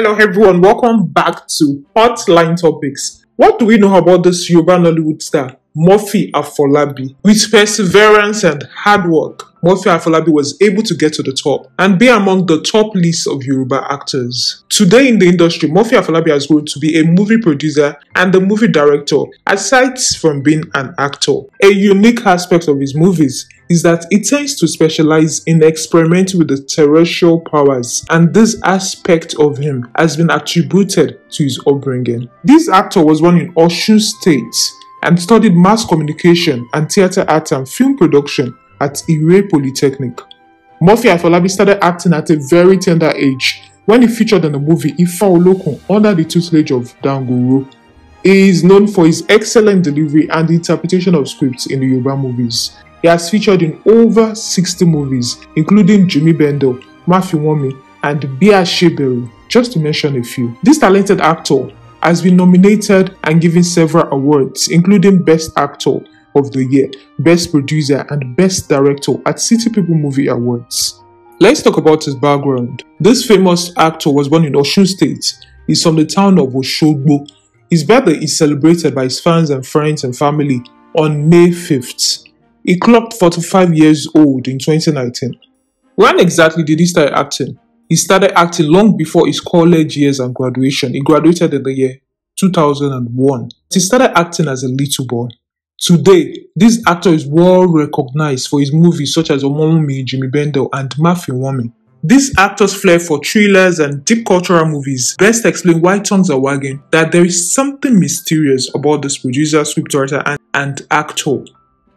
Hello everyone, welcome back to Hotline Topics. What do we know about this Yoruba Nollywood star? Murphy Afolabi. With perseverance and hard work, Murphy Afolabi was able to get to the top and be among the top list of Yoruba actors. Today in the industry, Murphy Afolabi has grown to be a movie producer and a movie director, aside from being an actor. A unique aspect of his movies is that it tends to specialize in experimenting with the terrestrial powers, and this aspect of him has been attributed to his upbringing. This actor was born in Osun State and studied mass communication and theatre arts and film production at Ire Polytechnic. Murphy Afolabi started acting at a very tender age when he featured in the movie Ifa Olokun under the tutelage of Danguru. He is known for his excellent delivery and interpretation of scripts in the Yoruba movies. He has featured in over 60 movies, including Jimmy Bendel, Matthew Wami, and Bia Sheberu, just to mention a few. This talented actor has been nominated and given several awards, including Best Actor of the Year, Best Producer, and Best Director at City People Movie Awards. Let's talk about his background. This famous actor was born in Osun State. He's from the town of Oshogbo. His birthday is celebrated by his fans and friends and family on May 5th. He clocked 45 years old in 2019. When exactly did he start acting? He started acting long before his college years and graduation. He graduated in the year 2001. He started acting as a little boy. Today, this actor is well recognized for his movies such as Omowumi, Jimmy Bendel, and Mafia Woman. This actor's flair for thrillers and deep cultural movies best explain why tongues are wagging that there is something mysterious about this producer, scriptwriter, and, and actor.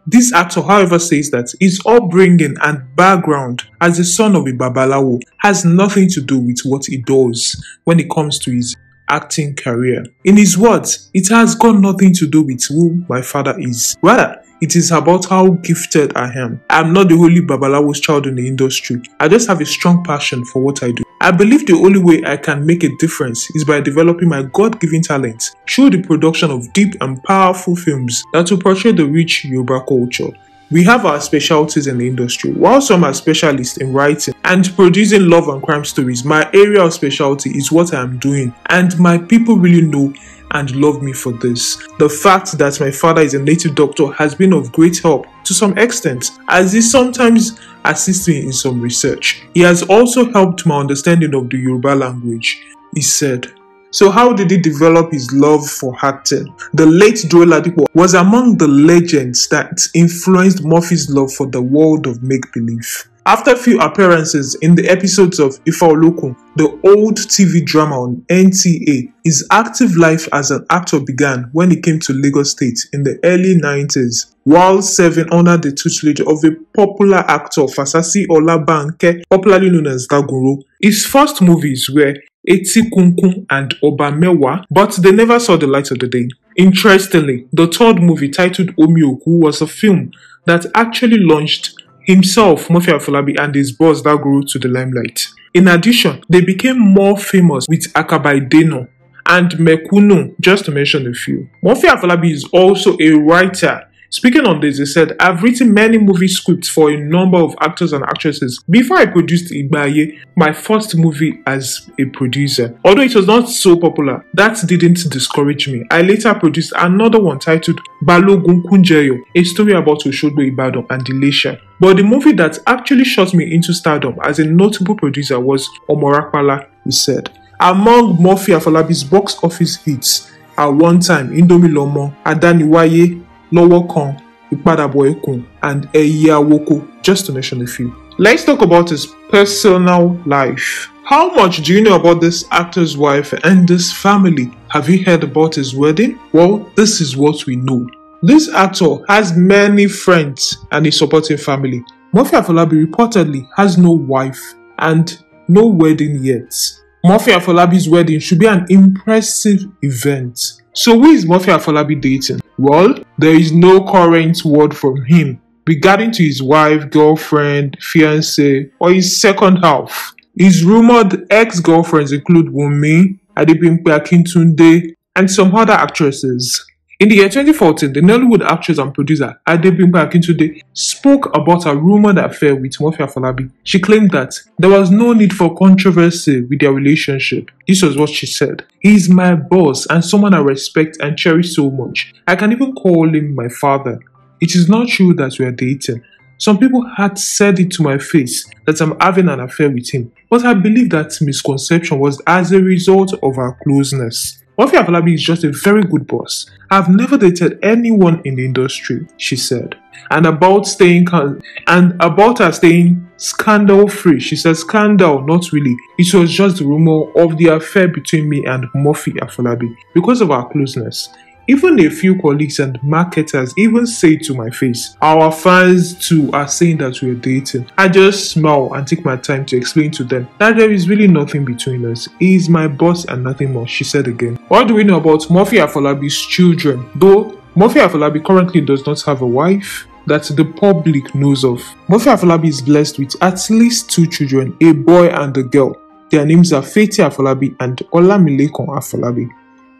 This actor, however, says that his upbringing and background as the son of a Babalawo has nothing to do with what he does when it comes to his acting career. In his words, it has got nothing to do with who my father is. Rather, it is about how gifted I am. I am not the only Babalawo's child in the industry. I just have a strong passion for what I do. I believe the only way I can make a difference is by developing my God given talent through the production of deep and powerful films that will portray the rich Yoruba culture. We have our specialties in the industry. While some are specialists in writing and producing love and crime stories, my area of specialty is what I am doing, and my people really know and love me for this. The fact that my father is a native doctor has been of great help to some extent, as he sometimes assists me in some research. He has also helped my understanding of the Yoruba language, he said. So how did he develop his love for acting? The late Joel Adipo was among the legends that influenced Murphy's love for the world of make-believe. After few appearances in the episodes of Ifaolokun, the old TV drama on NTA, his active life as an actor began when he came to Lagos State in the early 90s, while serving under the tutelage of a popular actor Fasasi Olabanke, popularly known as Dagoro. His first movies were Eti Kunkun and Obamewa, but they never saw the light of the day. Interestingly, the third movie titled Oku was a film that actually launched himself, Murphy Afolabi, and his boss that grew to the limelight. In addition, they became more famous with Akabaideno and Mekuno, just to mention a few. Murphy Afolabi is also a writer Speaking on this, he said, I've written many movie scripts for a number of actors and actresses before I produced Igbaye, my first movie as a producer. Although it was not so popular, that didn't discourage me. I later produced another one titled Balogun Kunjeyo, a story about Oshogbo Ibadan and Delisha. But the movie that actually shot me into stardom as a notable producer was Omorakpala." he said. Among Murphy Afolabi's box office hits, at one time Indomie Lomo, Adaniwaye, lọ́wọ́ kan ìpadàbọ̀ ẹkùn and ẹyẹ awoko just to mention a few. Let's talk about his personal life. How much do you know about this actor's wife and this family? Have you heard about his wedding? Well, this is what we know. This actor has many friends and a supporting family. Murphy Afolabi reportedly has no wife and no wedding yet. Murphy Afolabi's wedding should be an impressive event. So who is Murphy Afolabi dating? Well, there is no current word from him regarding to his wife, girlfriend, fiancé, or his second half. His rumored ex-girlfriends include Wumi, Adebimpe Akintunde, and some other actresses. In the year 2014, the Nollywood actress and producer Adebimba Akintunde spoke about a rumored affair with Mofia Falabi. She claimed that there was no need for controversy with their relationship. This was what she said. He is my boss and someone I respect and cherish so much. I can even call him my father. It is not true that we are dating. Some people had said it to my face that I'm having an affair with him, but I believe that misconception was as a result of our closeness. Wafi Afolabi is just a very good boss. I've never dated anyone in the industry, she said. And about staying and about her staying scandal free, she said scandal, not really. It was just the rumor of the affair between me and Murphy Afolabi because of our closeness. Even a few colleagues and marketers even say to my face, Our fans too are saying that we're dating. I just smile and take my time to explain to them that there is really nothing between us. He is my boss and nothing more, she said again. What do we know about Murphy Afolabi's children? Though Murphy Afolabi currently does not have a wife, that the public knows of. Murphy Afolabi is blessed with at least two children, a boy and a girl. Their names are Fati Afolabi and Olamilekan Afolabi.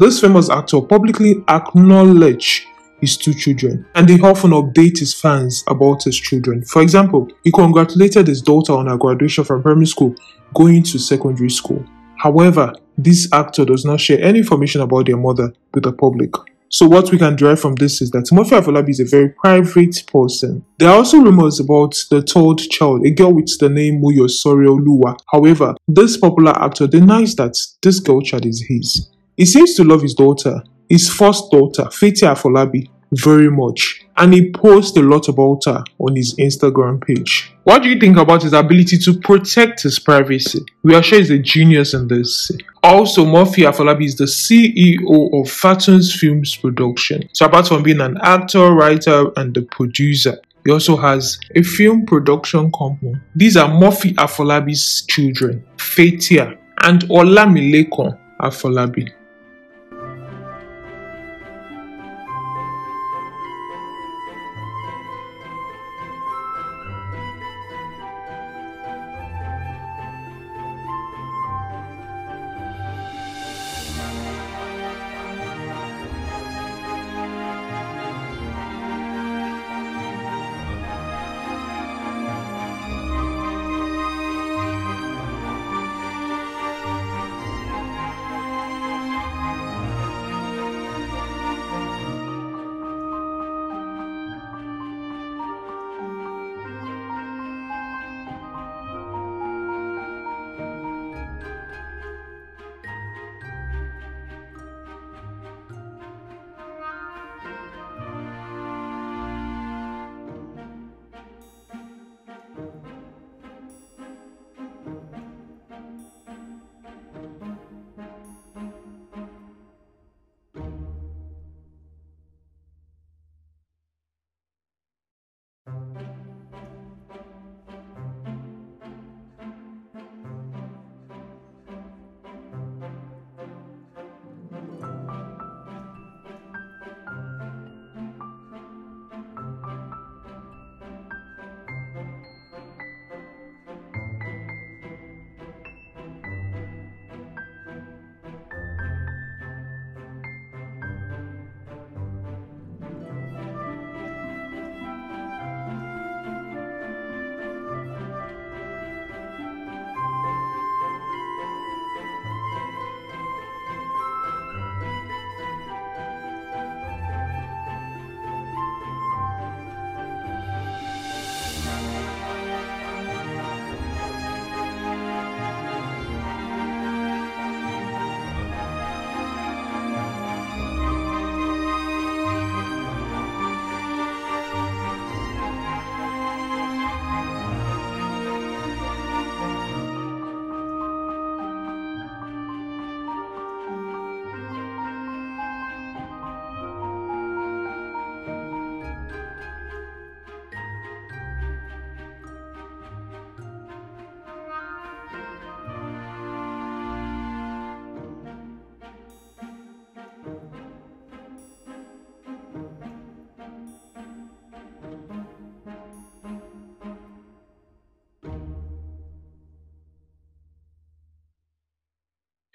This famous actor publicly acknowledged his two children, and he often updates his fans about his children. For example, he congratulated his daughter on her graduation from primary school going to secondary school. However, this actor does not share any information about their mother with the public. So what we can derive from this is that Timothy Afolabi is a very private person. There are also rumors about the third child, a girl with the name Muyosori Oluwa. However, this popular actor denies that this girl child is his. He seems to love his daughter, his first daughter, Fetia Afolabi, very much and he posts a lot about her on his Instagram page. What do you think about his ability to protect his privacy? We are sure he's a genius in this. Also, Murphy Afolabi is the CEO of Fatun's Films Production. So apart from being an actor, writer and the producer, he also has a film production company. These are Murphy Afolabi's children, Fetia and Olamilekon Afolabi.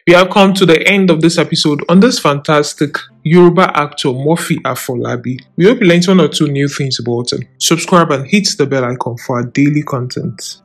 We have come to the end of this episode on this fantastic Yoruba actor Murphy Afolabi. We hope you learned one or two new things about him. Subscribe and hit the bell icon for our daily content.